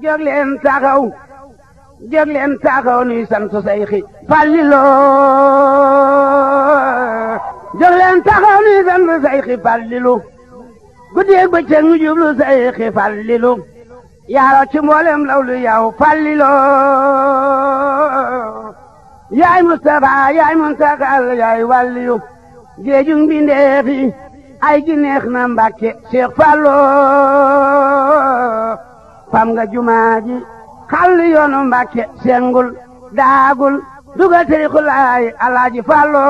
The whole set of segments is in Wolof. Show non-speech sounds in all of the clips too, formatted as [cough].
jóg leen taxaw jóg leen taxaw nuy sant Seyxi Falilu jóg leen taxaw nuy sant Seyxi Falilu guddeeg bëccëg ñu jublu Seyxi Falilu yaaro ci mboolem law lu yaw Falilu yaay Mustafa yaay Muntakal yaay wàlliyu géejum bi ay gi neex na Mbàkke Fallu fam nga jumaa ji xal yoonu sengul daagul dugal tariixul ay alaaji fàllo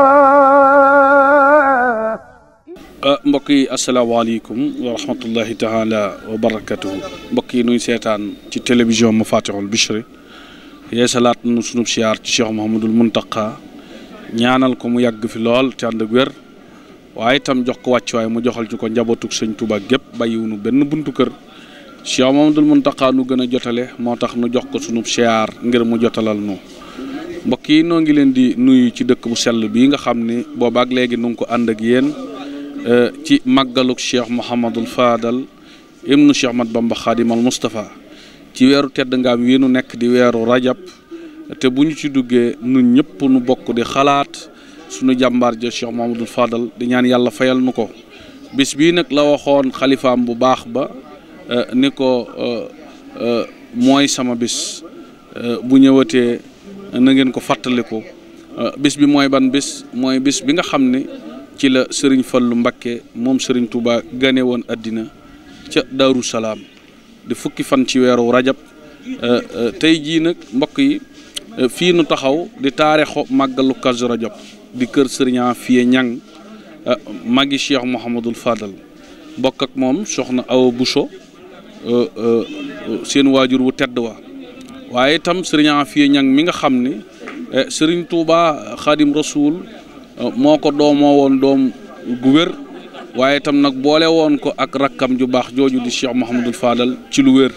ah, mbokk yi asalaamaaleykum wa rahmatullahi taala wa barakatuhu mbokk yi nuy seetaan ci télévision mafatihul bichri yeesalaat nu sunub siyaar ci cheikh mouhamadul muntaqa ñaanal ko mu yàgg fi lool te ànd ak wér waaye itam jox ko wàccuwaay mu joxal ci ko njabootug sëñ Tuubaa gépp bàyyiwunu benn buntu kër Cheikh Mamadul Muntaqa nu gën a jotale moo tax nu jox ko sunu siyaar ngir mu jotalal nu mbokk yi noo ngi leen di nuyu ci dëkk bu sell bii nga xam ni boobaak léegi nu ngi ko ànd ak yéen e, ci màggaluk Cheikh Mouhamadul faadal ibnu Cheikh Mat Bamba Xaadimal Moustapha ci weeru tedd ngaam wi nu nekk di weeru rajab te bu ñu ci duggee nun ñëpp nu bokk di xalaat sunu jàmbaar ja Cheikh Mouhamadul Fadal di ñaan yàlla fayal nu ko bis bii nag la waxoon xalifaam bu Euh, ni ko euh, euh, mooy sama bis bu ñëwatee na ngeen ko fàttaliku bis bi mooy ban bis mooy bis bi nga xam ne ci la sëriñ Fallu Mbakke moom sëriñ Touba gane woon àddina ca Daaru Salaam di fukki fan ci weeru rajab tey jii nag mbokk yi fii nu taxaw di taarixu màggalu Kazu Rajab di kër sëriñaa Afiye Ñang magi Cheikh Mouhamadul Fadal bokk ak moom soxna Awa buso Euh, euh, seen waajur wu tedd wa waaye itam sëriñ Afia Ñang mi nga xam eh, ne sëriñ Touba xadim Rasuul eh, moo ko doomoo woon doom gu wér waaye itam nag boole woon ko ak rakkam ju baax jooju di Cheikh Mouhamadul Fadal ci lu wér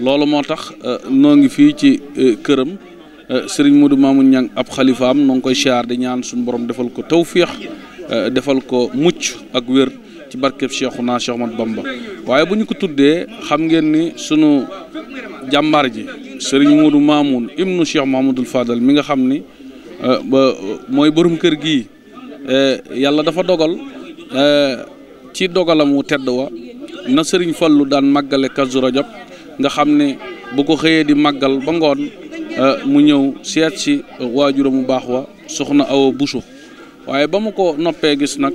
loolu moo tax eh, noo ngi fii ci këram sëriñ Modou Mamoun Ñang ab xalifaam noo ngi koy siyaar di ñaan suñu borom defal ko tawfiix defal ko mucc ak wér ci barkeb Cheikhouna Cheikh Ahmadou Bamba waaye bu ñu ko tuddee xam ngeen ni sunu jàmbaar ji sëriñ Modou Mamoun ibnu Cheikh Mahamadoul Fadal mi nga xam ni euh, mooy boroom kër gii euh, yàlla dafa dogal euh, ci dogalam wu tedd wa na sëriñ Fallu daan màggale Kazu Rajab nga xam ne bu ko xëyee di màggal ba ngoon mu ñëw seet si waajuramu baax wa soxna Awa Bousso waaye ba mu ko noppee gis nag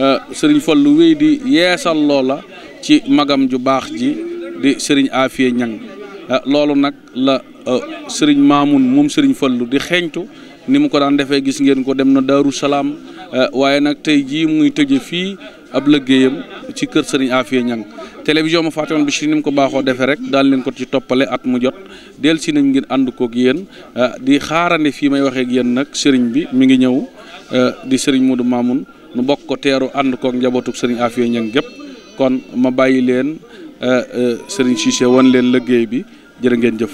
Euh, sëriñ Fallu wéy di yeesal loola ci magam ju baax ji di sëriñ Afia Ñang euh, loolu nag la euh, sëriñ Maamun moom sëriñ Fallu di xeeñtu ni mu ko daan defee gis ngeen ko dem na Daaru Salaam waaye nag tey jii muy tëje fii ab liggéeyam ci kër sëriñ Afia Ñang télévision ma fàttewoon bi si ni mu ko baaxoo defee rek daal leen ko ci toppale at mu jot del nañ ngir ànd koog yéen di xaarande fii may waxeeg ak yéen nag sëriñ bi mu ngi ñëw di sëriñ Modou Mamoun nu bokk ko teeru ànd kook njabootuk sëriñ Afia Ñang gépp kon ma bàyyi leen eh, eh, sëriñ Cissé wan leen liggéey bi jërë ngeen jëf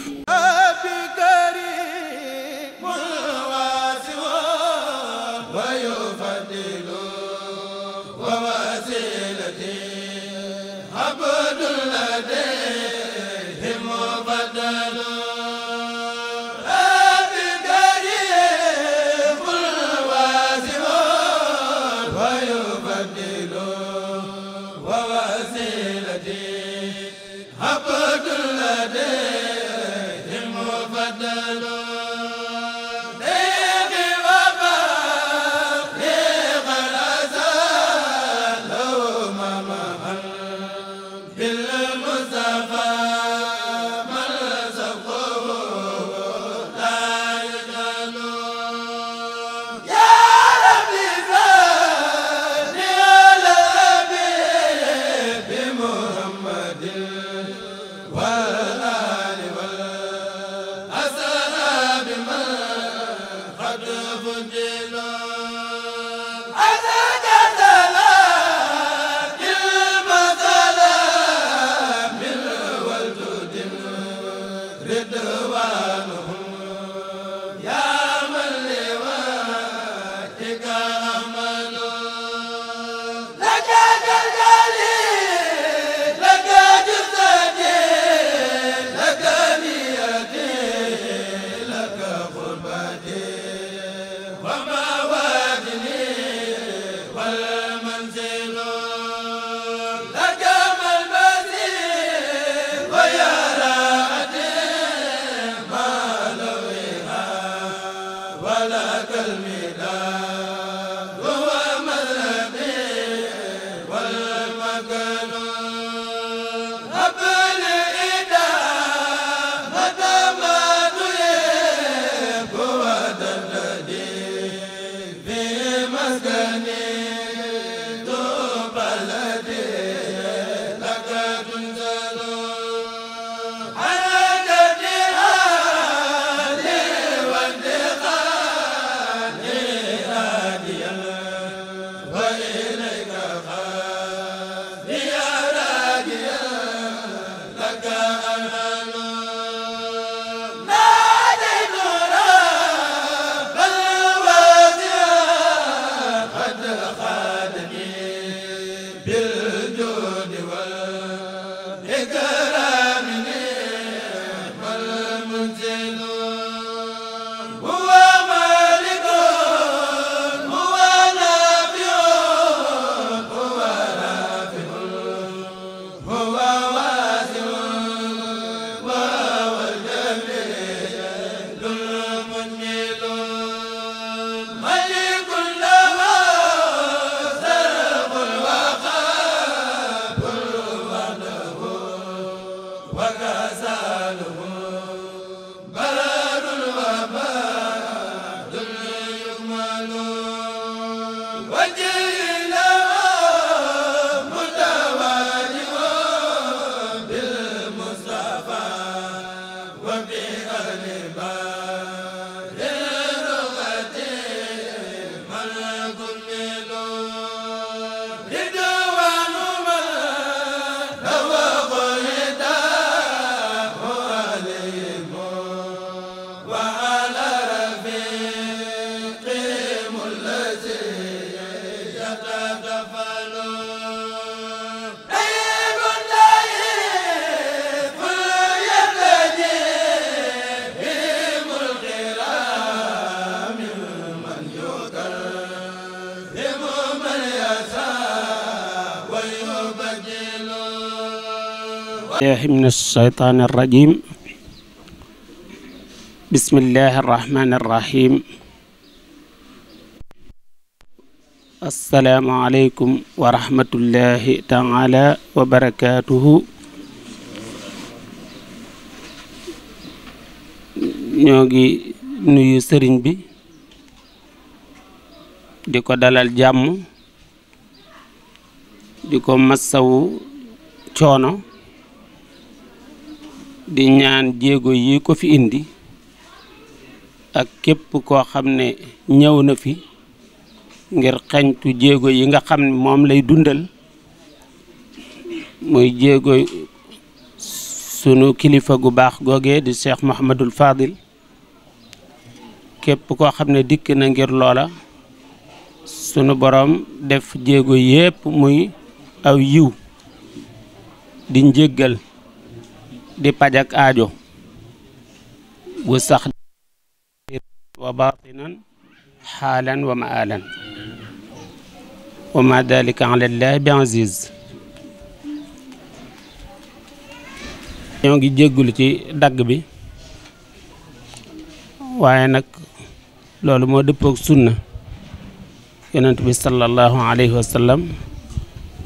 الله من الشيطان الرجيم بسم الله الرحمن الرحيم السلام عليكم ورحمة الله تعالى وبركاته ñogi nuyu sëriñ bi di ko dalal jàmm di ko massawu coono di ñaan jéego yi ko fi indi ak képp koo xam ne ñëw na fi ngir xañtu jéego yi nga xam ne moom lay dundal muy jéego sunu kilifa gu baax googe di Cheikh Mouhamadul Fadil képp koo xam ne dikk na ngir loola sunu boroom def jéego yépp muy aw yiw di njéggal di pajak aajo bu sax wa baatinan xaalan wa maalan wa ma dalika ala llahi bi ñoo ngi jéggul ci dagg bi waaye nag loolu moo dëppoog sunna yonent bi sallallahu alayhi wa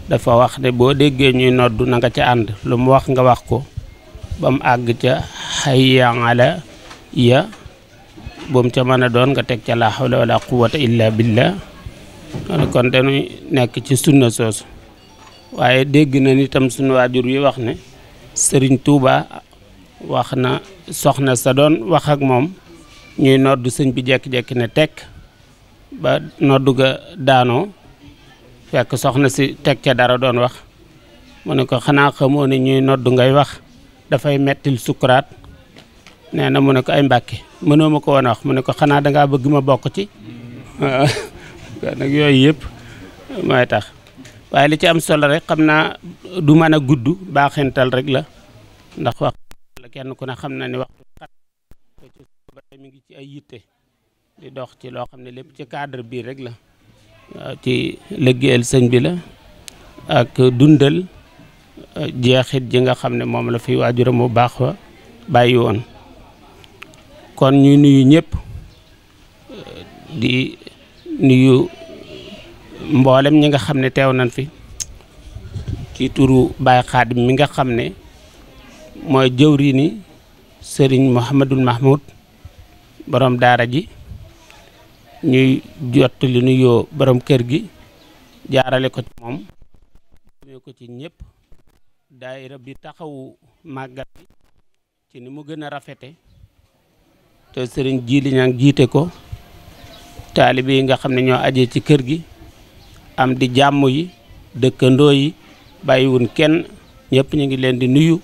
dafa wax ne boo déggee ñuy nodd na nga ca ànd lu mu wax nga wax ko ba mu àgg ca hayya ala ya bu ca mën a doon nga teg ca laa hawla wala quwwata illa billah kon dañuy nekk ci sunna soosu waaye dégg na nitam sunu waajur yi wax ne sëriñ Touba wax na soxna sa doon wax ak moom ñuy nodd sëñ bi jekki-jekki ne tekk ba nodd ga daanoo fekk soxna si teg ca dara doon wax mu ne ko xanaa xamoo ne ñuy nodd ngay wax dafay mettil sukuraat nee na mu ne ko ay mbàkke mënoo ma ko a wax mu ne ko xanaa dangaa bëgg ma bokk ci waaw [laughs] nag yooyu yëpp mooy tax waaye li ci am solo rek xam naa du mën a gudd baaxintal rek la ndax wax kenn ku ne xam na ni waxtu mi ngi ci ay yitte di dox ci loo xam ne lépp ci cadre bii rek la waaw ci liggéeyal sëñ bi la ak dundal jeexit ji nga xam ne moom la fi waajuram bu baax wa bàyyi woon kon ñu nuyu ñëpp di nuyu mboolem ñi nga xam ne teew nañ fi ci turu Baye Xaadim mi nga xam ne mooy jëwriñu sëriñ Mouhamadul Mahmoud borom daara ji ñuy jot li borom kër gi jaarale ko ci moom ko ci ñëpp daayira bi taxawu màggal bi ci ni mu gën a rafete te sëriñ Jili Ñaŋ jiite ko taalibe yi nga xam ne ñoo aje ci kër gi am di jàmm yi dëkkandoo yi bàyyiwun kenn ñépp ñu ngi leen di nuyu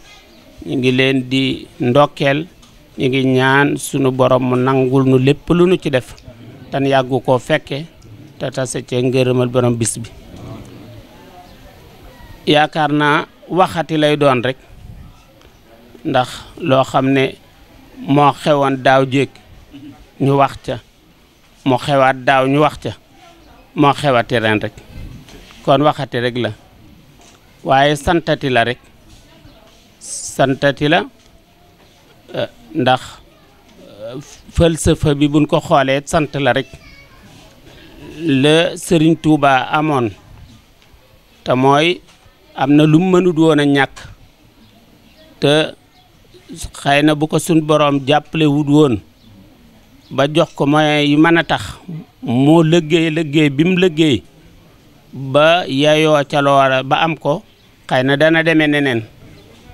ñu ngi leen di ndokkeel ñu ngi ñaan sunu borom mu nangul nu lépp lu nu ci def tan yàggu koo fekke te tase cee ngërëmal borom bis bi yaakaar naa waxati lay doon rekk ndax loo xam ne moo xewoon daaw jéeg ñu wax ca moo xewaat daaw ñu wax ca moo xewati ren kon waxati rek la waaye santati la rekk santati la eh, ndax eh, falsafa bi buñ ko xoolee sant la rekk la Sëriñ Tuuba amoon te mooy am na lu mu mënut woon a ñàkk te xëy na bu ko suñ boroom jàppale woon ba jox ko moyen yi mën a tax moo liggéey liggéey bi mu liggéey ba yayoo ca loola ba am ko xëy na dana demee neneen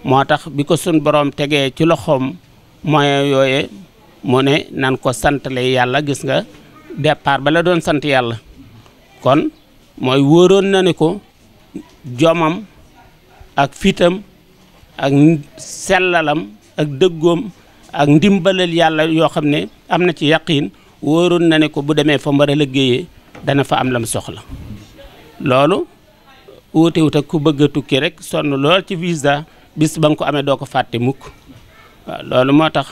moo tax bi ko suñ boroom tegee ci loxoom moyen yooye mu ne nan ko santale yàlla gis nga départ ba la doon sant yàlla kon mooy wóoroon na ne ko jomam ak fitam ak sellalam ak dëggoom ak ndimbalal yàlla yoo xam ne am na ci yaqiin wóoroon na ne ko bu demee fa mu war liggéeyee dana fa am lam soxla loolu wuute ak ku bëgg a tukki rek sonn lool ci visa bis ba nga ko amee doo ko fàtte mukk waaw loolu moo tax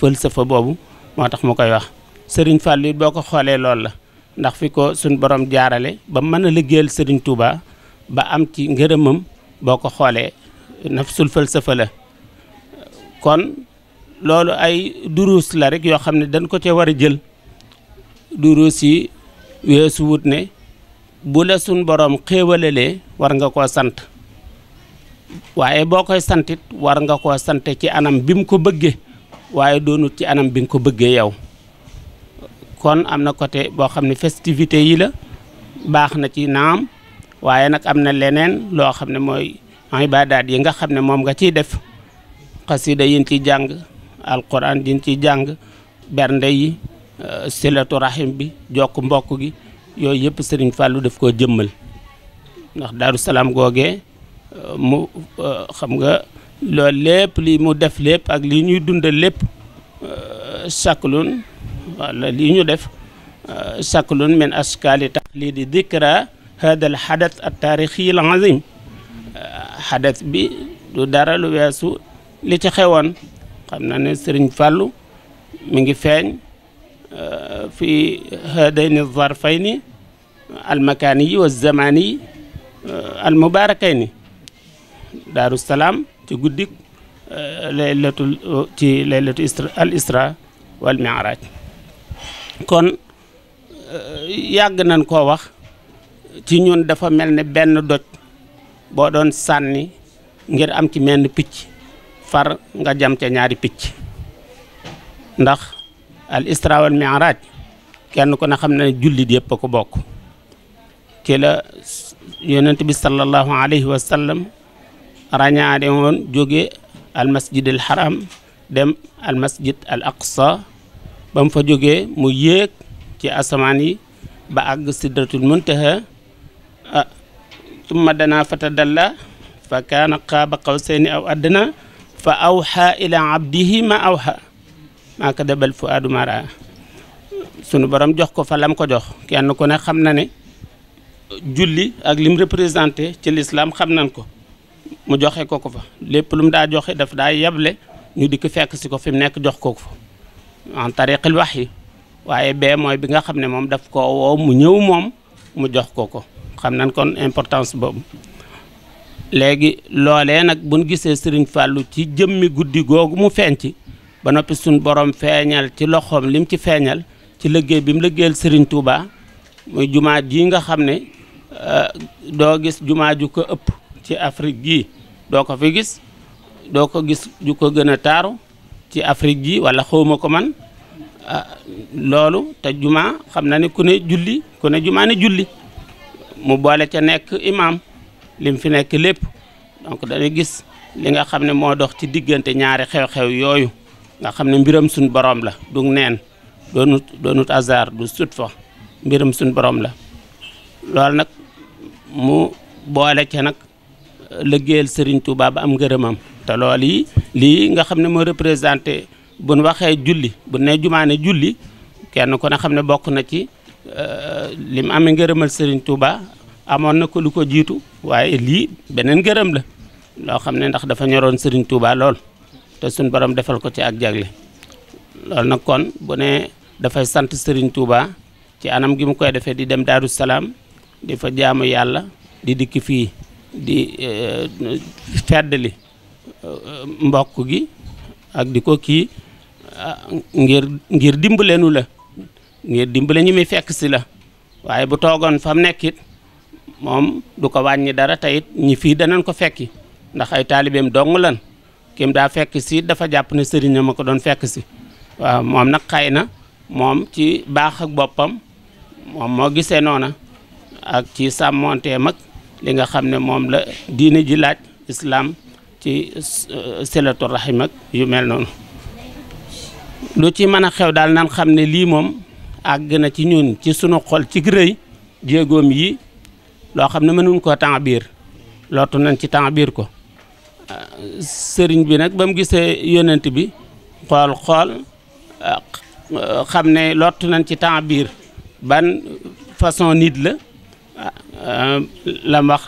falsafa boobu moo tax mu koy wax sëriñ Fallou boo ko xoolee loolu la ndax fi ko suñ borom jaarale ba mën a liggéeyal sëriñ Touba ba am ci ngërëmam boo ko xoolee nafsul falsafa la kon loolu ay duruus la rek yoo xam ne dañ ko cee war a jël duruus yi weesu wut ne bu la suñ boroom xéewalalee war nga koo sant waaye boo koy santit war nga koo sante ci anam bi mu ko bëggee waaye doonut ci anam bi nga ko bëggee yow kon am na côté boo xam ne festivité yi la baax na ci naam waaye nag am na leneen loo xam ne mooy ibaadaat yi nga xam ne moom nga ciy def xasida yin ciy jàng alquran yin ci jàng bernde yi euh, silatu rahim bi jokk mbokk gi yooyu yëpp sëriñ Fallou daf koo jëmmal ndax Daaru Salaam googee euh, mu euh, xam nga loolu lépp li mu def lépp ak lii ñuy dundal lépp saklun wala li ñu def saklun min askali tax lii di dikra hada xadat al taarixi al bi du dara lu weesu li ci xewoon xam na ne sëriñ fàllu mi ngi feeñ euh, fi hadayni zarfayni al makaani yi wa zamaani euh, yi salaam ci guddik euh, laylatul ci laylatu isra al kon yàgg nañ koo ci ñun dafa mel ne benn doj boo doon sànni ngir am ci menn picc far nga jam ca ñaari picc ndax al isra wal mi'raj kenn ku na xam ne jullit yëpp a ko bokk ci la yonent bi sallallahu alayhi wa sallam woon jóge al masjid al haram dem al masjid al aqsa ba mu fa jógee mu yéeg ci asamaan yi ba àgg sidratul muntaha ah summa danaa fatadalla fa kaana qaaba qawsayni aw adna fa awxa ila abdihi ma awxa maa kadabal fuaadu ma raa sunu borom jox ko fa lam ko jox kenn ko ne xam na ne julli ak lim représenté ci lislaam xam nañ ko mu joxe ko ko fa lépp lu mu daa joxe daf daa yeble ñu dikk fekk si ko fi mu nekk jox ko ko en tariqil wax yi waaye bee mooy bi nga xam ne moom daf ko woo mu ñëw moom mu jox ko ko xam nañ kon importance boobu léegi loolee nag buñ gisee sëriñ fàllu ci jëmmi guddi googu mu feeñ ci ba noppi suñ borom feeñal ci loxoom lim ci feeñal ci liggéey bi mu liggéeyal sëriñ Touba muy jumaa ji nga xam ne euh, doo gis jumaa ju ko ëpp ci Afrique gii doo ko fi gis doo ko gis ju ko gën a taaru ci Afrique gii wala xawma ko man euh, loolu te jumaa xam na ni ku ne julli ku ne jumaa ne julli mu boole ca nekk imaam lim fi nekk lépp donc dañuy gis li nga xam ne moo dox ci diggante ñaari xew-xew yooyu nga xam ne mbiram suñ borom la du neen doonut doonut hasard du sut fa mbiram suñ borom la loolu nag mu boole ca nag euh, liggéeyal Serigne Touba ba am ngërëmam te loolu yi lii nga xam ne moo représenté buñ waxee julli bu ne jumaane julli kenn ku ne xam ne bokk na ci Euh, li mu amee ngërëmal Serigne Touba amoon na ko lu ko jiitu waaye lii beneen ngërëm la loo xam ne ndax dafa ñoroon sëriñ Touba lool te suñ boroom defal ko ci ak jagle loolu nag kon bu ne dafay sant sëriñ Touba ci anam gi mu koy defee di dem Daaru Salaam di fa jaamu yàlla di dikk fii di euh, li euh, mbokk gi ak di ko kii ngir ngir dimbalenu la ngir dimbale ñi muy fekk si la waaye bu toogoon fa mu nekk moom du ko wàññi dara teyit ñi fii danañ ko fekki ndax ay taalibeem dong lan kim daa fekk si dafa jàpp ne sëriñam ma ko doon fekk si waaw moom nag xay na moom ci baax ak boppam moom moo gisee noona ak ci sàmmoonteem mag li nga xam ne moom la diine ji laaj islaam ci euh, silatu rahim ak yu mel noonu lu ci mën a xew daal nan xam ne lii moom àgg na ci ñun ci sunu xol ci rëy jéegoom yi loo xam ne mënuñ koo temps biir lootu nañ ci temps biir ko sëriñ bi nag ba mu gisee yonent bi xool xool xam ne lottu nañ ci temps biir ban façon nit la la wax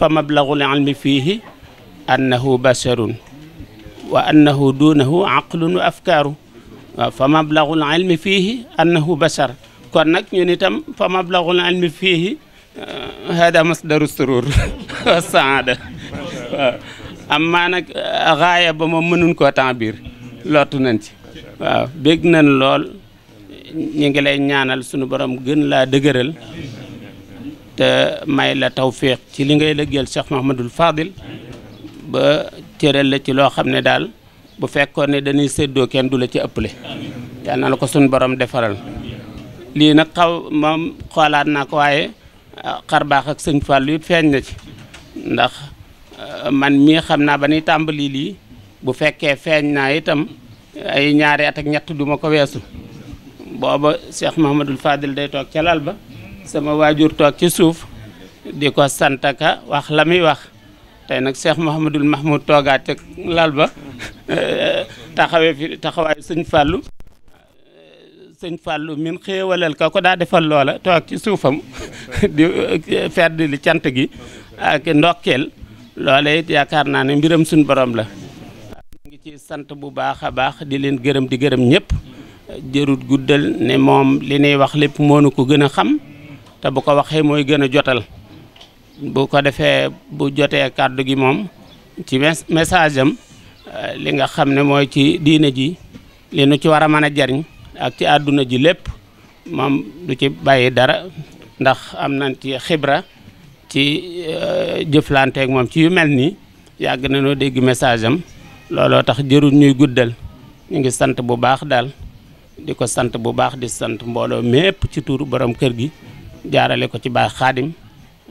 la mablaghul ilmi fiihi annahu basharun wa annahu duunahu aqlun wa afkaaru waaw fa mablaghul ilmi fiihi annahu bashar kon nag ñun itam fa mablaghul ilmi fiihi uh, hada masdaru surur [laughs] wa saada nag raaya uh, ba moom mënuñ koo temps biir lottu nañ ci waaw bég nañ lool ñu ngi lay ñaanal sunu borom gën laa dëgëral te may la tawfiq ci li ngay lëggeel Cheikh Mahamadul Fadil ba cëral la ci loo xam ne daal bu fekkoon ne dañuy séddoo kenn du la ci ëpple yal na la ko suñ borom defaral lii nag xaw moom xoolaat naa ko waaye ah, xarbaax ak sëñ Fallou yëpp feeñ na ci ndax ah, man mii xam naa ba ni tàmbalii lii bu fekkee feeñ naa itam ay ñaari at ak ñett duma ko weesu booba Cheikh Mahamadul Fadil day toog ca lal ba sama waajur toog ci suuf di ko santaka wax la muy wax tey nag Cheikh Mouhamadul Mahmoud toogaat ca lal ba [laughs] taxawee fi taxawaay sëñ fàllu sëñ fàllu min xéewalal ka ko daa defal loola toog ci suufam [laughs] di fedd li cant gi ak ndokkeel loola it yaakaar naa ne mbiram suñ borom la mu ngi ci sant bu baax a baax di leen gërëm di gërëm ñëpp jërut guddal ne moom li nuy wax lépp moo nu ko gën a xam te bu ko waxee mooy gën a jotal bu ko defee bu jotee kàddu gi moom ci message am euh, li nga xam ne mooy ci diine ji li nu ci war a mën a jariñ ak ci àdduna ji lépp moom du ci bàyyi dara ndax am na ci xibra ci euh, jëflanteeg moom ci yu mel nii yàgg nañoo dégg message am looloo tax jërul ñuy guddal ñu ngi sant bu baax daal di ko sant bu baax di sant mbooloo mépp ci tuuru borom kër gi jaarale ko ci baax xaadim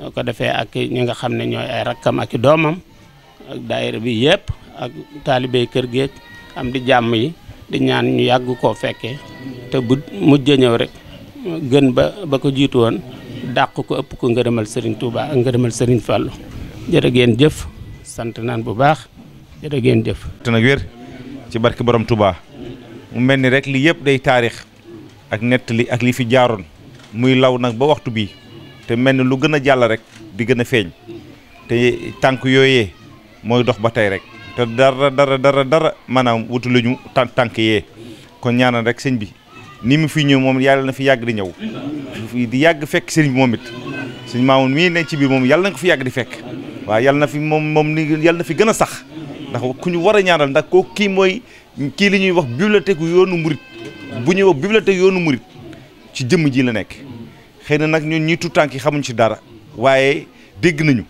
ko defee ak ñu nga xam ne ñooy ay rakkam ak i doomam ak daayira bi yëpp ak taalibey kër géej am di jàmm yi di ñaan ñu yàgg koo fekkee te bu mujjee ñëw rek gën ba ba ko jiitu woon dàq ko ëpp ko ngërëmal Serigne Touba ak ngërëmal Serigne Fallou jërë geen jëf sant naan bu baax jërë ngeen jëf. te nag wér ci barki borom Touba mu mel ni rek li yëpp day taarix ak li ak li fi jaaroon muy law nag te mel ni lu gën a jàll rek di gën a feeñ te tànk yooyee mooy dox ba tey rek te dara dara dara dara maanaam wutu la ñu tànk yee kon ñaanal rek sëñ bi ni mu fii ñëw moom yàlla na fi yàgg di ñëw di yàgg fekk sëñ bi moom it sëñ Maamun mii ne ci biir moom yàlla na fi yàgg di fekk waaw yàlla na fi moom moom ni yàlla na fi gën a sax ndax ku ñu war a ñaanal ndax koo kii mooy kii li ñuy wax bibliothèque yoonu murit bu ñuy wax bibliothèque yoonu murit ci jëmm ji la nekk xëy na nag ñun ñii tànk yi xamuñ ci dara waaye dégg nañu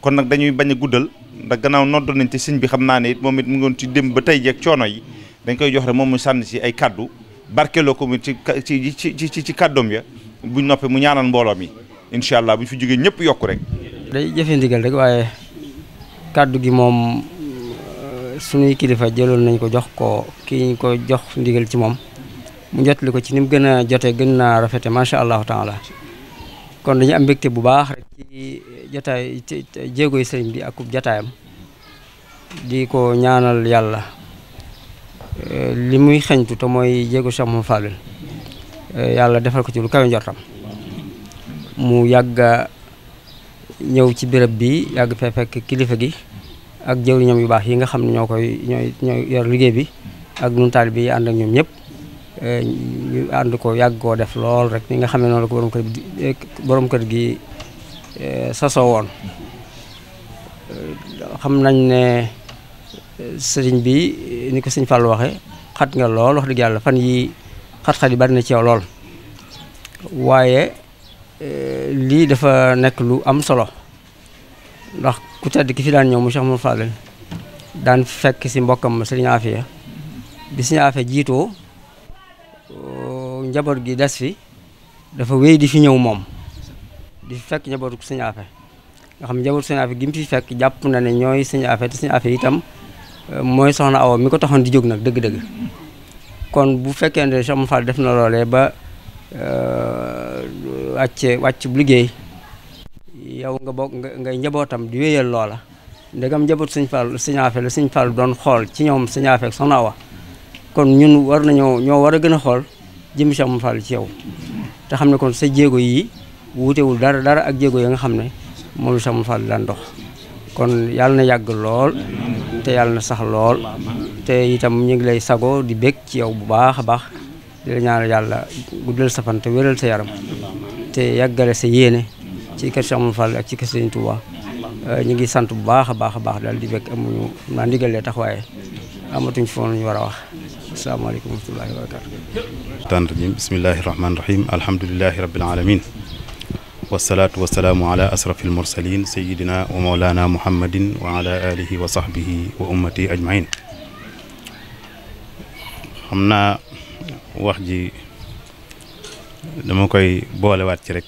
kon nag dañuy bañ a guddal ndax gannaaw noddoon nañ te sëñ bi xam naa ne moom it mu ngoon ci démb ba tey jeeg coono yi dañ koy jox rek moom mu sànni si ay kaddu barkeeloo ko ci ci ci ci ci kaddoom ya buñ noppee mu ñaanal mbooloo mi incha allah buñ fi jógee ñëpp yokku rek. day rek waaye kaddu gi moom suñuy kilifa jëloon nañ ko jox ko kii ñu ko jox ndigal ci moom. mu jotali ko ci ni mu gën a jote gën naa rafete macha allahu taala kon dañu am mbégte bu baax rek ci jotaay jéegoy sëriñ bi ak kub di ko ñaanal yàlla euh, li muy xeñtu mooy jéego Cheikh Mouhamed euh, yàlla defal ko ci lu kawe njortam mu yàgga ñëw ci béréb bi yàgg fee fekk kilifa gi ak jëwriñam yu baax yi nga xam ne ñoo koy ñooy ñooy liggéey bi ak ñun bi yi ànd ak ñoom ñëpp Eh, ñu ànd ko yàgg koo def lool rek ni nga xam ne noonu la ko borom kër gi eh, borom kër eh, woon xam nañ ne sëriñ bi ni ko sëñ Fall waxe xat nga lool wax dëgg yàlla fan yii xat-xat yi bari na ci lool waaye lii dafa nekk lu am solo ndax ku tedd ki fi daan ñëw mu Cheikh Mouhamadou Fadel daan fekk si mbokkam sëriñ Afia bi sëriñ Afia jiitoo Euh, njaboot gi des fi dafa wéy di fi ñëw moom di fi fekk njabootu sëñ Afe nga xam njabootu sëñ Afe gi mu fi jàpp na ne ñooy sëñ Afe te sëñ Afe itam euh, mooy soxna Awa mi ko taxoon di jóg nag dëgg-dëgg kon bu fekkee ne Cheikh Fall def na loolee ba euh, wàcce wàcc bu liggéey yow nga bokk ngay njabootam di wéyal loola ndegam njabootu sëñ Fall sëñ Afe la sëñ Fall doon xool ci ñoom sëñ Afe soxna Awa kon ñun war nañoo ñoo war a gën a xool jëm Cheikh Mame Fall ci yow te xam ne kon sa jéego yi wuutewul dara dara ak jéego yi nga xam ne moom la Cheikh Mame Fall dox kon yàlla na yàgg lool te yàlla na sax lool te itam ñu ngi lay sago di bég ci yow bu baax a baax di la ñaanal sa fan wéral sa yaram te yàggale sa yéene ci kër Cheikh ak ci kër Serigne euh, ñu ngi sant bu baax a baax a baax daal di bég amuñu naa ndigalee tax waaye amatuñ fi woon ñu war a wax asalaamaaleykum wa rahmatullahi wa barakaatu bismillahi rahmaani rahim alhamdulilahi rabbil alamin wasalaatu wasalaamu ala asrafi almursalin sayidina wa maulana muhammadin wa ala wa sahbihi wa ummati ajmain xam naa wax ji dama koy boolewaat ci rek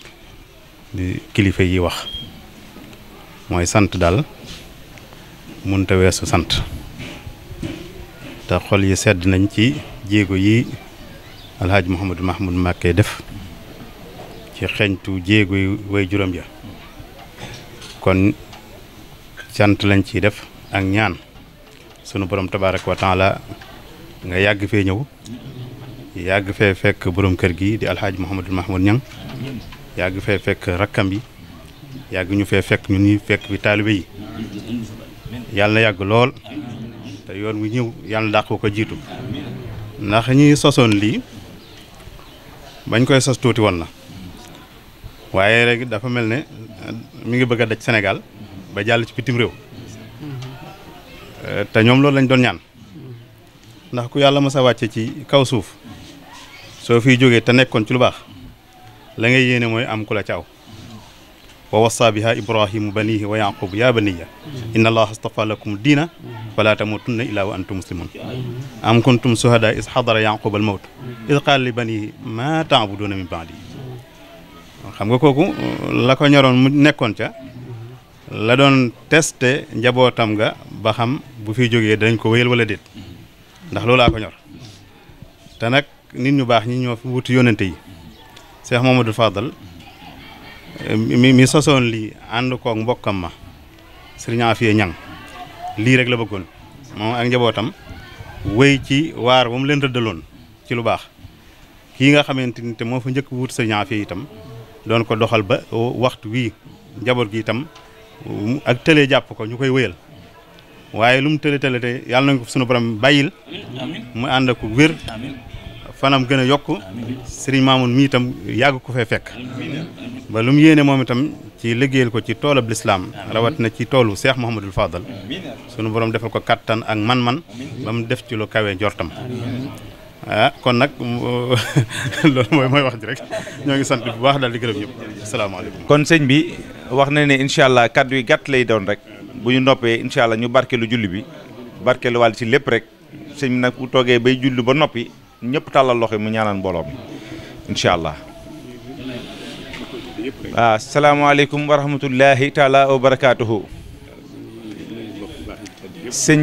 di kilifa yi wax mooy sant daal munta weesu sant te xol yi sedd nañ ci jéego yi alhaaj Mouhamadou Mahmoud Mbacké def ci xeñtu jéego yi way juróom ya kon sant lañ ci def ak ñaan sunu boroom tabaaraka wa taala nga yàgg fee ñëw yàgg fee fekk boroom kër gi di alhaaj Mouhamadou Mahmoud Niang yàgg fee fekk rakkam yi yàgg ñu fee fekk ñu ni fekk bi taalibe yi yàlla yàgg lool te yoon wi ñëw yàlla dàq ko jiitu ndax ñi sosoon lii bañ koy sos tuuti woon na waaye rek dafa mel ne mu ngi bëgg a daj senegal ba jàll ci bitim réew te ñoom loolu lañ doon ñaan ndax ku yàlla mës a wàcce ci kaw suuf soo fi jógee te nekkoon ci lu baax la ngay yéene mooy am ku la caaw wa wasa biha ibrahimu banihi wa yaqub ya baniya inna allaha astafa lakum diina fala tamutunna illa wa antum muslimun am kuntum suhada is xadara yaqub al mawt is qaala li banihi ma taabuduna min baadi xam nga kooku la ko ñoroon mu nekkoon ca la doon testé njabootam nga ba xam bu fi jógee dañ ko wéyal wala déet ndax loolaa ko ñor te nag nit ñu baax ñu ñoo fi wuti yónnante yi Cheikh Mamadou Fadal mi sosoon lii ànd koog mbokkam ma sëriñ Afia Ñang lii rek la bëggoon moom ak njabootam wéy ci waar ba mu leen rëddaloon ci lu baax kii nga xamante ni te moo fa njëkk wut sëriñ Afia itam doon ko doxal ba waxtu wii njaboot gi itam ak tëlee jàpp ko ñu koy wëyal waaye lu mu tële tële te yàlla nañ ko sunu borom bàyyil mu ànd ak wér fanam gën a yokk sëriñ Mamoun mii itam yàgg ko fee fekk ba lu mu yéene moom itam ci liggéeyal ko ci toolab lislaam rawat na ci toolu Seex Muhammadul Fadal sunu borom defal ko kattan ak man-man ba mu def ci lu kawe njortam ah kon nag [laughs] loolu mooy mooy wax ji ñoo ngi sant bu baax daal kon sëñ bi wax na ne incha allah kàddu yi gàtt lay doon rek bu ñu noppee incha allah ñu barkeelu julli bi barkeelu wàll ci lépp rek sëñ bi nag bu toogee bay julli ba noppi. ñëpp tàllal loxo mu ñaanal mbooloo mi allah. waaw ah, salaamaaleykum wa rahmatullahi taala wa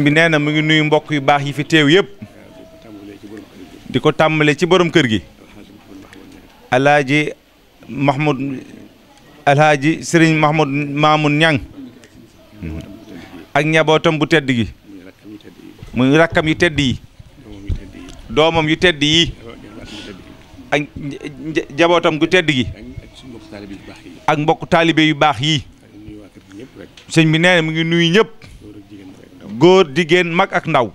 bi nee na mu ngi nuyu mbokk yu baax yi fi teew yëpp. di ko tàmbale ci borom kër gi. alaaji Mahmoud alaaji Serigne Mahmoud Mamoun Ñang ak ñabootam bu tedd gi. muy rakkam yu tedd yi. doomam yu tedd yii ak jabootam gu tedd gi ak mbokk taalibe yu baax yi sëñ bi nee na mu ngi nuyu ñëpp góor jigéen mag ak ndaw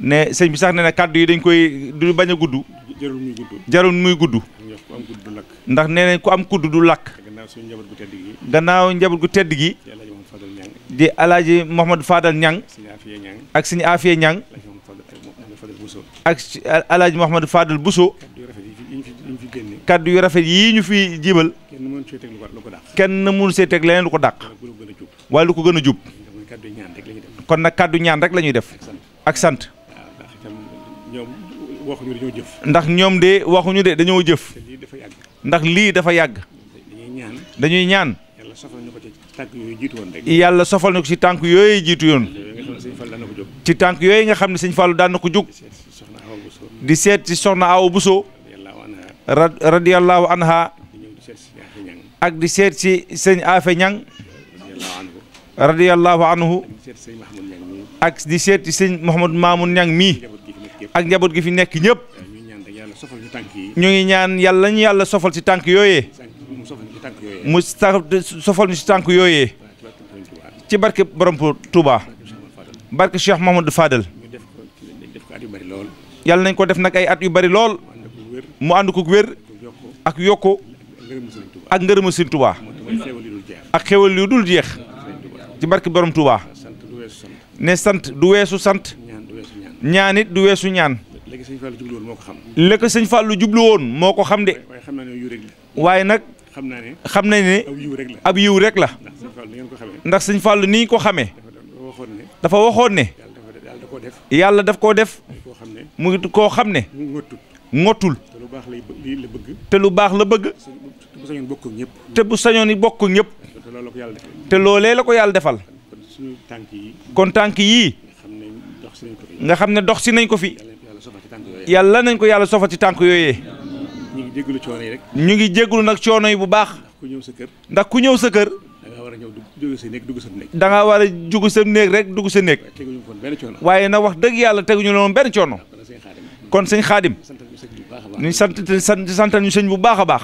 ne sëñ bi sax nee na kàddu yi dañ koy du bañ a gudd jarul muy gudd ndax nee ku am kudd du lakk gannaaw njaboot gu tedd gi di alaaji Mouhamadou Fadal Ñang ak sëñ Afiye Ñang ak alaaji Mouhamadou Fadal Bousso kaddu yu rafet yii ñu fi jibal kenn munu see teg leneen lu ko dàq waaye lu ko gën a jub kon nag kàddu ñaan rek la ñuy def ak sant ndax ñoom de waxuñu de dañoo jëf ndax lii dafa yàgg dañuy ñaan yàlla sofal ñu ko ci tànk yooyu jiitu yoon ci tànk yooyu nga xam ne sëñ Fallou daan na ko jóg di seet ci soxna Awa Bousso radiyallahu anha ak di seet ci sëñ Afe Ñang radiyallahu anhu ak di seet ci sëñ Mouhamadou Mamoun Ñang mii ak njaboot gi fi nekk ñëpp ñu ngi ñaan yàlla ñu yàlla sofal ci tànk yooyee mu sofal ñu ci tànk yooyee ci barke borom Touba barke Cheikh Mamadou Fadel. yàlla nañ ko def nag ay at yu bari lool. mu ànd ko wér. ak yokku ak ngërëmu Sëriñ Tuubaa ak xéwal yu dul jeex. ci barke borom Tuubaa ne sant du weesu sant. ñaan it du weesu ñaan. la ko sëñ Fallou jublu woon moo ko xam de. waaye nag. xam nañ ne ab yiw rek la. ndax sëñ Fallou ni ko xamee. dafa waxoon ne. yàlla daf koo def. mu koo xam ne. ngottul te lu baax la bëgg. te lu baax la bëgg. te bu sañoon bokk ñëpp. te bu sañoon yi bokk ñëpp. te loolee la ko yàlla defal. kon tànk yii. nga xam ne dox si nañ ko fi. yàlla nañ ko yàlla sofa ci tànk yooyee. ñu ngi jégalu coono yi rek. ñu ngi jégalu nag coono yi bu baax. ndax ku ñëw sa kër. dangaa war a ñëw dugg sa néeg dugg sa néeg. dangaa sa dugg sa néeg. waaye na wax dëgg yàlla teguñu loon benn coono. kon sëñ xaadim. ñu sant ñu sëñ bu baax a baax.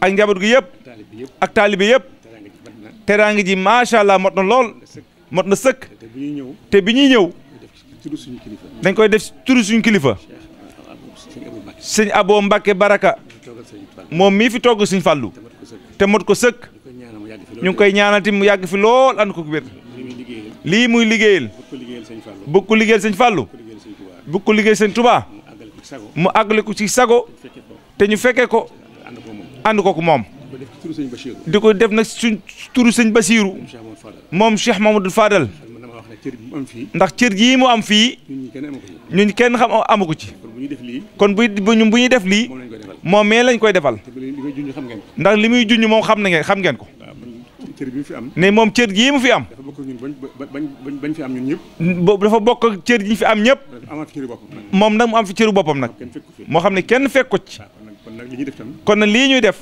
ak njaboot gi yëpp. ak taalibe yëpp. teraanga ji macha allah na lool. mot na sëkk. te bi ñuy ñëw. dañ koy def turu suñu kilifa. sëñ Abo Mbacke Baraka. moom mii fi togg sëñ Fallou. te mot ko sëkk. ñu ngi koy ñaanal tim mu yàgg fi lool ànd ko wér lii muy liggéeyal bëgg ko liggéeyal sëñ Fallou bëgg ko tuba sëñ Touba mu àggale ko ci sago te ñu fekkee ko ànd ko ko moom di ko def na suñ turu sëñ Basiiru moom Cheikh Mamadou Fadal ndax cër jii mu am fii ñun kenn xam amu ko ci kon bu ñu bu ñuy def lii moom mee lañ koy defal ndax li muy junj moom xam na ngeen xam ngeen ko cër bi fi am. ne moom cër gii mu fi am. dafa bokk ñun bañ fi am ñun bokk fi am ñëpp. amaat fi cëru boppam nag. moom nag mu am fi cëru boppam nag. moo xam ne kenn fekk ko ci. Ah, kon nag lii ñuy def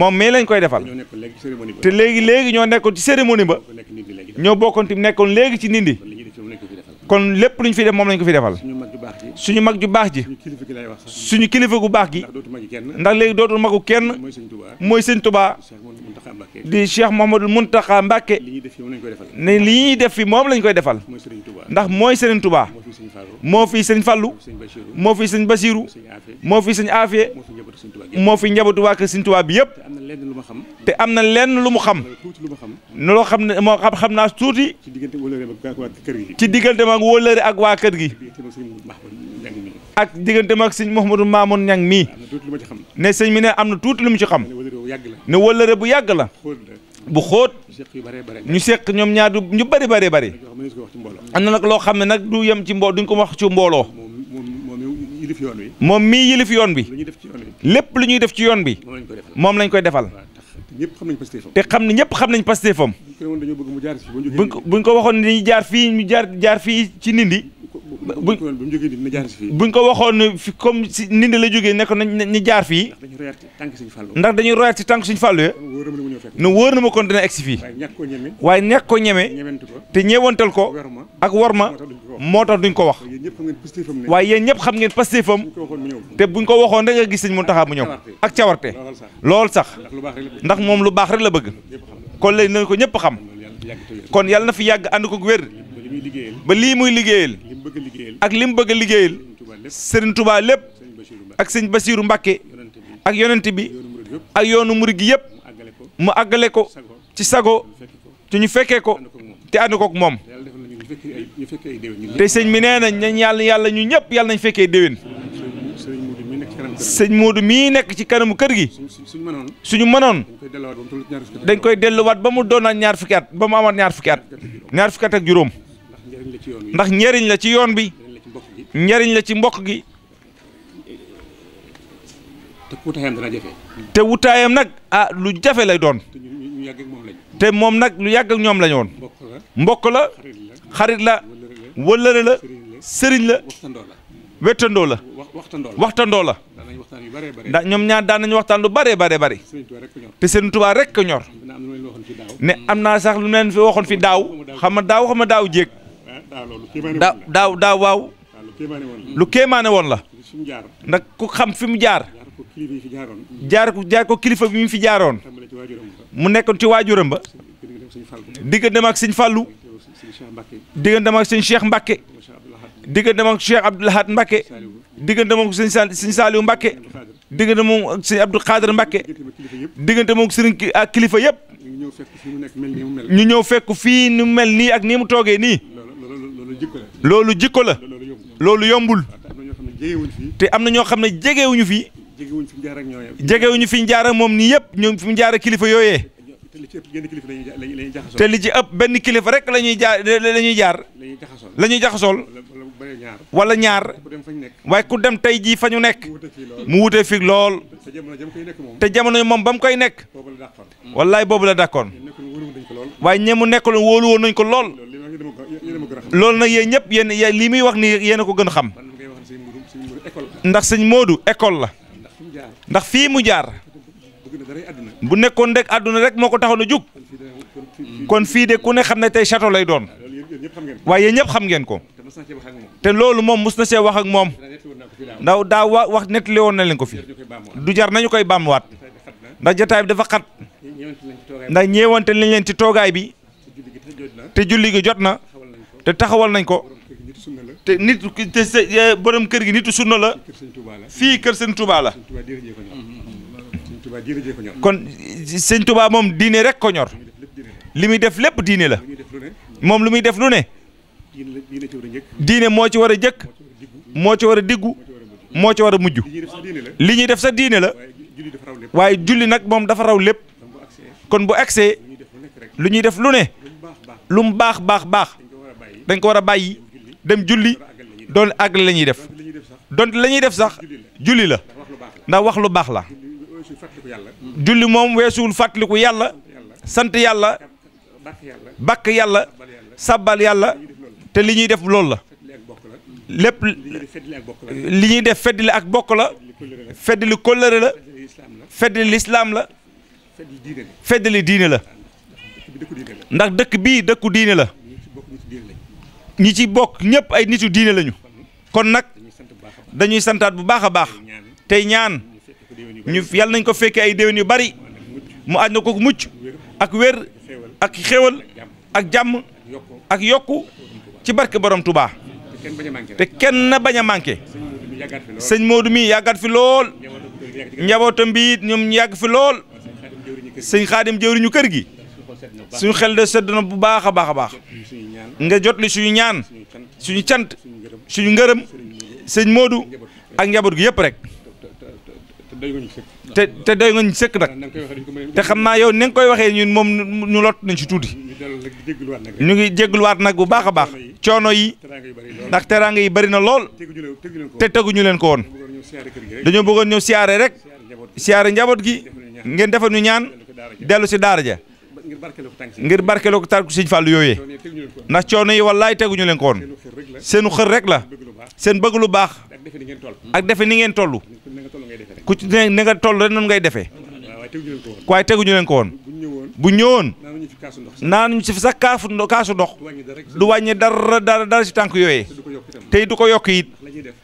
moom mii lañ koy defal te léegi léegi ñoo nekkoon ci cérémonie ba ñoo bokkoon tim nekkoon léegi ci nindi kon lépp lu ñu fi def moom lañ ko fi defal suñu mag ju baax ji suñu kilifa gu baax gi ndax léegi dootul magu kenn mooy sëñ tubaa di Cheikh Mouhamadul Mountakha Mbacké ne li ñuy def fi moom lañ koy defal ndax mooy Serigne Touba moo fi Serigne Fallou moo fi Serigne Bassirou moo fi Serigne Afie moo fi njabootu waa kër Serigne Touba bi yëpp te am na lenn lu mu xam loo xam ne moo xam naa tuuti ci diggante mag wóllëre ak waa kër gi ak diggante mag Serigne Mouhamadou Mamoun Niang mii ne sëñ mi ne am na tuuti lu mu ci xam bu yàgg la. ne wëllëre bu yàgg la. bu xóot. ñu seq ñoom ñaar du ñu bëri bëri bëri. am na nag loo xam ne nag du yem ci mboo duñ ko wax ci mbooloo. moom mii yilif yoon bi. lépp lu ñuy def ci yoon bi. moom lañ koy defal. te xam ne ñëpp xam nañ pastéefam. buñ ko waxoon ne jaar fii ñu jaar fii ci nindi buñ buñ ko waxoon fi comme si nindi la jógee nekk nañ ñu jaar fii ndax dañuy royaat si tànk suñ fàllu ya ne wóor na ma kon dina egsi fii waaye ñàkk ko ñeme te ñeewantal ko ak war ma moo tax duñ ko wax waaye yéen ñëpp xam ngeen pastéefam te buñ ko waxoon rek nga gis sëñ Muntaxa mu ñëw ak cawarte lool sax ndax moom lu baax rek la bëgg kon léegi nañ ko ñëpp xam kon yàlla na fi yàgg ànd ko wér ba lii muy liggéeyal ak li mu bëgg a liggéeyal sëriñ Touba lépp ak sëñ Basiiru Mbàkke ak yonent bi ak yoonu murid gi yëpp mu àggale ko ci sago ci ñu fekkee ko te ànd kook moom te sëñ mi nee nañ ñañ yàlla yàlla ñu ñëpp yàlla nañ fekkee déwén sëñ Moodu mii nekk ci kanamu kër gi suñu mënoon dañ koy delluwaat ba mu doonaat ñaar fukki at ba mu amaat ñaar fukki at ñaar fukki at ak juróom ndax njariñ la ci yoon bi njariñ la ci mbokk gi te wutaayam nag a ah, lu jafe lay doon te moom nag lu yàgg ñoom lañu woon mbokk la xarit la wëllëre la sëriñ la wettandoo la waxtandoo la ndax ñoom ñaan daan nañu waxtaan lu bare bare bare te seen Tuubaa rekk ñor ne am naa sax lu leen fi waxoon fi daaw xam nga daaw xam daaw jéeg daaw daaw daaw waaw lu kéemaane woon la ndax ku xam fi mu jaar jaar ko jaar ko kilifa bi mu fi jaaroon mu nekkoon ci waajuram ba digganteem ak sëñ Fallou digganteem ak sëñ Cheikh Mbacké digganteem ak Cheikh Abdoul Ahad Mbacké digganteem ak sëñ sëñ Saliou Mbacké diggante moom ak sëñ Abdou Khader Mbacké diggante moom sëriñ ak kilifa yëpp ñu ñëw fekk fii mu mel nii ak nii mu toogee nii loolu jikko la loolu yombul te am na ñoo xam ne jegewuñu fi jegewuñu fi njaar ak moom nii yëpp ñoom fi mu jaar kilifa yooyee te li ci ëpp benn kilifa rek la ñuy jaar la ñuy jaar la ñuy jaxasool wala ñaar waaye ku dem tey jii fa ñu nekk mu wutee fi lool te jamono yi moom ba mu koy nekk wallaay boobu la d'accord waaye ñemu nekk lu wóolu woon nañ ko lool loolu nag yéen ñëpp yéen lii muy wax nii yéen a ko gën a xam ndax sëñ Modou école la ndax fii mu jaar bu nekkoon rek àdduna rek moo ko taxoon a jug kon fii de ku ne xam ne tey sato lay doon ah, waaye yéen ñëpp xam ngeen ko te loolu moom mus na see wax ak moom ndaw daa wa wax nettali lewoon na leen ko fi du jar nañu koy baamuwaat ndax jataay bi dafa xat ndax ñeewante lañ leen ci toogaay bi te julli jot na. te taxawal nañ ko te nit te borom kër gi nitu sunna la fii kër sëñ Touba la kon sëñ Touba moom diine rek ko ñor li muy def lépp diine la moom lu muy def lu ne diine moo ci war a jëkk moo ci war a diggu moo ci war a mujj li ñuy def sa diine la waaye julli nag moom dafa raw lépp kon bu agsee lu ñuy def lu ne lu mu baax baax baax dañ ko war a bàyyi dem julli doon àggale la ñuy def doon la ñuy def sax julli la ndax wax lu baax la julli moom weesuwul fàttaliku yàlla sant yàlla bàkk yàlla sabbal yàlla te li ñuy def loolu la lépp li ñuy def feddli ak bokk la feddli kóllëre la feddli lislaam la feddli diine la ndax dëkk bii dëkku diine la ñi ci bokk ñëpp ay nitu diine lañu kon nag dañuy santaat bu baax a baax tey ñaan ñu yàlla nañ ko fekkee ay déwén yu bari mu ànd ko mucc ak wér ak xéwal ak jàmm ak yokku ci barke borom Touba te kenn bañ a manqué sëñ Modou mi yàggat fi lool njabootam bi it ñoom ñu yàgg fi lool sëñ Xaadim jëwriñu kër gi. suñu xel de sedd na bu baax a baax a baax nga jot su ñu ñaan suñu cant suñu ngërëm sëñ Modou ak njaboot gi yëpp rek te te doy nga ñu sëkk nag te xam naa yow ni nga koy waxee ñun moom ñu lot nañ si tuuti ñu ngi jégluwaat nag bu baax a baax coono yi ndax teraanga yi bari na lool te ñu leen ko woon dañoo bëggoon ñëw siyaare rek siyaare njaboot gi ngeen defal ñu ñaan dellu si daara ja ngir barkeeloo ko tànku sëñ Fallou yooyee ndax coono yi wallaay teguñu leen ko woon seenu xër rek la seen bëgg lu baax ak defe ni ngeen toll ku ci ne nga toll rek noonu ngay defee waaye teguñu leen ko woon bu ñëwoon naan ñu si sax kaasu kaasu ndox du wàññi dara dara dara si tànk yooyee tey du ko yokk it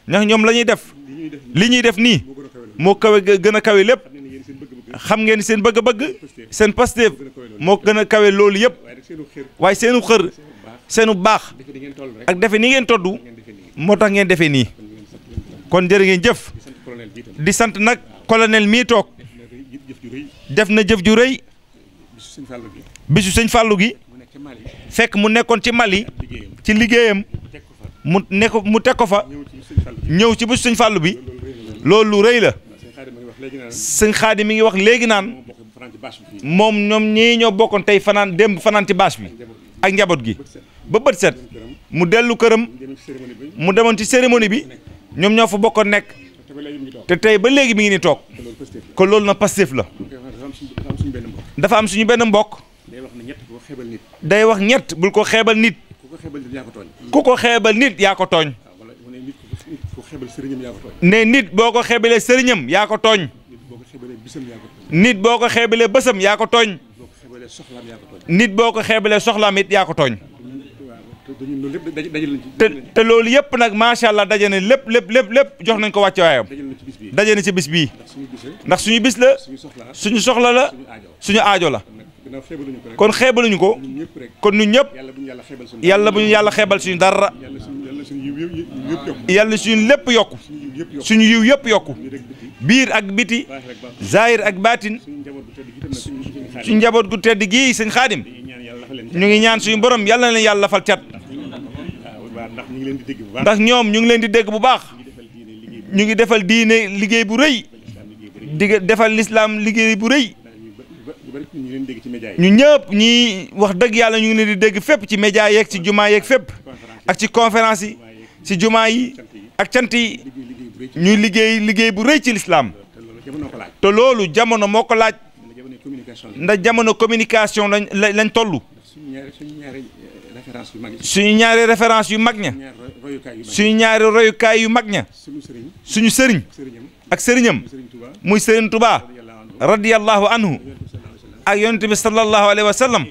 ndax ñoom la def li ñuy def nii moo kawe gën a kawe lépp. xam ngeen seen bëgg-bëgg seen pasteef moo gën a kawe loolu yëpp waaye seenu xër seenu baax ak defe ni ngeen todd moo tax ngeen defee nii kon jërë ngeen jëf di sant nag colonel mii toog def na jëf ju rëy bisu sëñ fàllu gi fekk mu nekkoon ci Mali ci liggéeyam mu nekk mu teg ko fa ñëw ci bisu sëñ fàllu bi loolu rëy la sëñ xaadim mi ngi wax léegi naan moom ñoom ñii ñoo bokkoon tey fanaan démb fanaan ci bâche bi ak njaboot gi ba bët set mu dellu këram mu demoon ci cérémonie bi ñoom ñoo fa bokkoon nekk te tey ba léegi mi ngi ni toog ko loolu na Pastef la dafa am suñu benn mbokk day wax ñett bul ko xeebal nit ku ko xeebal nit yaa ko tooñ ne nit boo ko xeebalee sëriñam yaa ko tooñ. nit boo ko xeebalee bësam yaa ko tooñ. nit boo ko xeebalee soxlaam it yaa ko tooñ. te te loolu yëpp nag macha allah daje na lépp lépp lépp lépp jox nañ ko wàcce waayam daje na ci bis bii ndax suñu bis la suñu soxla la suñu aajo la kon xeebaluñu ko kon ñun ñëpp yàlla bu ñu yàlla xeebal suñu dara. yàlla suñu lépp yokku suñu yiw yëpp yokku biir ak biti zahir ak baatin suñu njaboot gu tedd gii sëñ xaadim ñu ngi ñaan suñu borom yàlla na leen yàlla fal cat ndax ñoom ñu ngi leen di dégg bu baax ñu ngi defal diine liggéey bu rëy diga defal lislaam liggéey bu rëy ñu ñëpp ñi wax dëgg yàlla ñu ngi leen di dégg fépp ci média ci jumaa fépp ak ci conférence yi ci jumaa yi ak cant yi ñuy liggéey liggéey bu rëy ci lislaam te loolu jamono moo ko laaj ndax jamono communication lañ lañ toll suñu ñaari référence yu mag ña suñu ñaari royukaay yu mag ña suñu sëriñ ak sëriñam muy sëriñ tubaa radiyallahu anhu ak yonent bi sallallahu alayhi wa sallam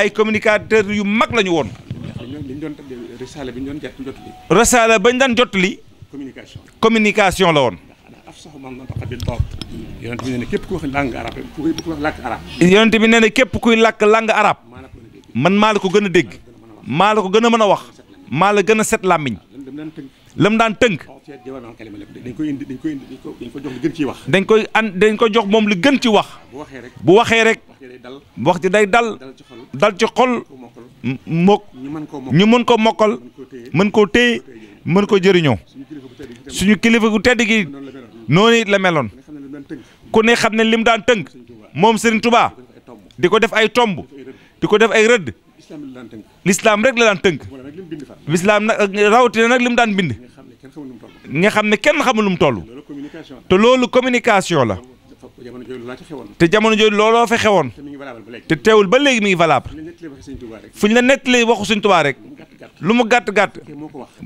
ay communicateurs yu mag la ñu woon. risaala bi ñu doon jot li. risaala bañ daan jot la woon. yonent bi nee képp kuy làkk arabe. yonent man maa la ko gën a dégg maa la ko gën a mën a wax. maa la gën a set làmmiñ ah, lam daan tënk oh, dañ koy indi dañ koy indi dañ koy jox lu gën ci wax dañ koy an dañ ko jox moom lu gën ci wax ah, bu waxee rek wax ji day dal dal ci xol mokk ñu mën koo mokkal mën koo téye mën ko jëriñoo suñu kilifa gu tedd gi noonu it la meloon ku ne xam ne lim daan tënk moom Serigne Touba di ko def ay tomb di ko def ay rëdd lislaam rek la daan tënk lislaam nag rawatina nag li mu daan bind nga xam ne kenn xamul lu mu toll te loolu communication la te jamono jooju looloo fa xewoon te teewul ba léegi mi ngi valable fu ñu la nettalee waxu Sëñ Tuubaa rek lu mu gàtt gàtt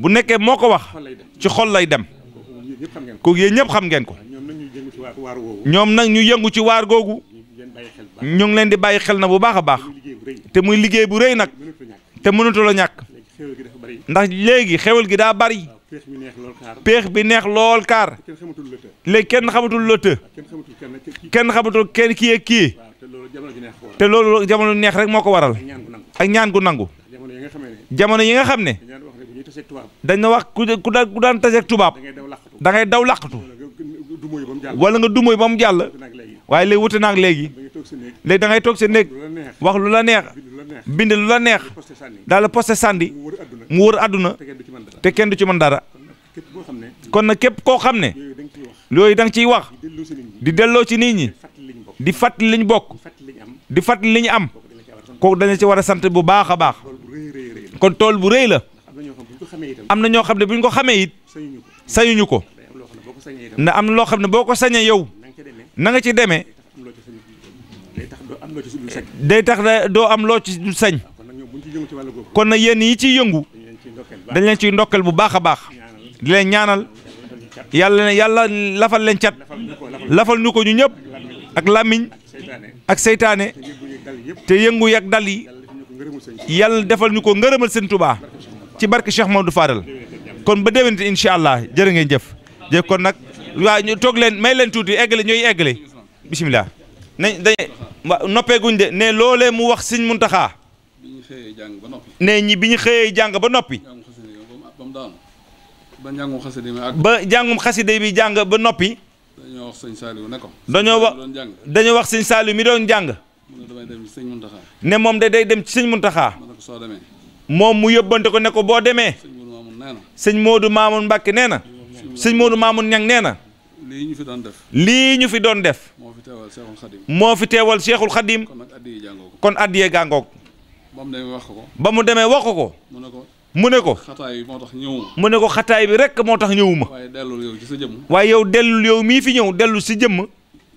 bu nekkee moo ko wax ci xol lay dem kooku yéen ñëpp xam ngeen ko ñoom nag ñu yëngu ci waar googu ñu ngi leen di bàyyi xel na bu baax a baax. te muy liggéey bu rëy nag te mënatu la ñàkk ndax léegi xewal gi daa bari péex bi neex lool kaar léegi kenn xamatul lëtë kenn xamatul kenn kii ak kii te loolu jamono neex rek moo ko waral ak ñaan gu nangu jamono yi nga xam ne dañ na wax ku daan ku daan taseeg tubaab da ngay daw laqatu wala nga dumóoy ba mu jàll waaye léegi wute naag léegi léegi da ngay toog sa néeg wax lu la neex bind lu la neex daal posté sàndi mu wër àdduna te kenn du ci mën dara kon nag képp koo xam ne yooyu da nga ciy wax di delloo ci nit ñi di fàttali li ñu bokk di fàttali li ñu am koo dañu ci war a sant bu baax a baax kon tool bu rëy la am na ñoo xam ne bu ñu ko xamee it sayuñu ko ndax am na loo xam ne boo ko sañee yow. na nga ci demee day tax doo am loo ci du sañ kon na yéen yi ciy yëngu dañ leen ciy ndokkel bu baax a baax di leen ñaanal yàlla yàlla lafal leen cat lafal ñu ko ñu ñëpp ak làmmiñ ak seytaane te yëngu yak dal yi yàlla defal ñu ko ngërëmal seen tubaa ci barke Cheikh Maodo Fadal kon ba déwénte incha allah jërë ngeen jëf jëf kon nag waaw ñu toog leen may leen tuuti eggale ñooy eggale bisimilah nañ dañ noppeekuñ de ne loole mu wax sëñ muntaxaa ne ñi bi ñu xëyee jàng ba noppi ba jàngum xaside bi jàng ba noppi dañoo wax ne ko dañoo wax wax sëñ Saliou mi doon jàng ne moom de day dem ci sëñ Muntaxa moom mu yóbbante ko ne ko boo demee sëñ Moodu Maamun Mbàkke nee na sëñ Modou Mamoun Niang nee na. lii ñu fi doon def. lii ñu fi moo fi teewal Cheikhul Khadim. moo fi teewal Cheikhul Khadim. kon nag addiya jàngoog. kon addiya gàngoog. ba mu demee wax ko. ba mu demee wax ko. mu ne ko. mu ne ko. xataay bi moo tax ñëwuma. mu ne ko xataay bi rek moo tax ñëwuma. waaye dellul yow ci sa jëmm. waaye yow dellul yow mii fi ñëw dellu si jëmm.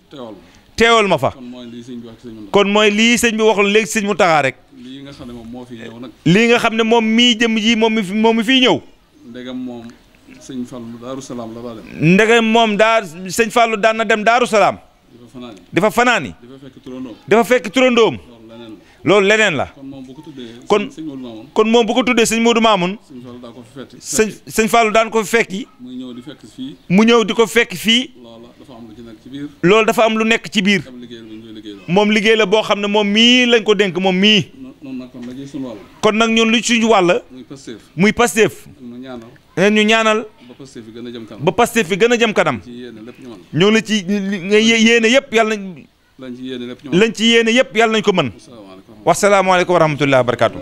teewal ma teewal ma fa. kon mooy lii sëñ bi wax kon mooy lii sëñ bi waxul léegi sëñ mu taxaa rek. lii nga xam ne moom moo fi ñëw nag. lii xam ne moom mii jëmm ji moom mi fi mi fiy ñëw. sëñ Fallou Daaru Salaam la daa dem. ndegem moom daa sëñ Fallou daan na dem Daaru Salaam. dafa fanaani dafa fekk turandoom. dafa fekk turandoom. loolu leneen la. kon kon moom bu ko tuddee sëñ Modou Mamoun. sëñ sëñ Fallou daan ko fi fekki. mu ñëw di fekk fii. mu ñëw di ko fekk fii. loolu dafa am lu nekk ci biir. moom liggéey la boo xam ne moom mii lañ ko dénk moom mii. kon nag ñun lu suñu wàll. muy Pastef. muy Pastef. ñu ñaanal. ba Pastef fi gën a jëm kanam ba Pastef fi gën a jëm la ci nga yéene yëpp yàlla nañ. lañ ci yéene lépp ñu lañ ci nañ ko mën. wasalaamaaleykum wa rahmatulah wa barakaatu.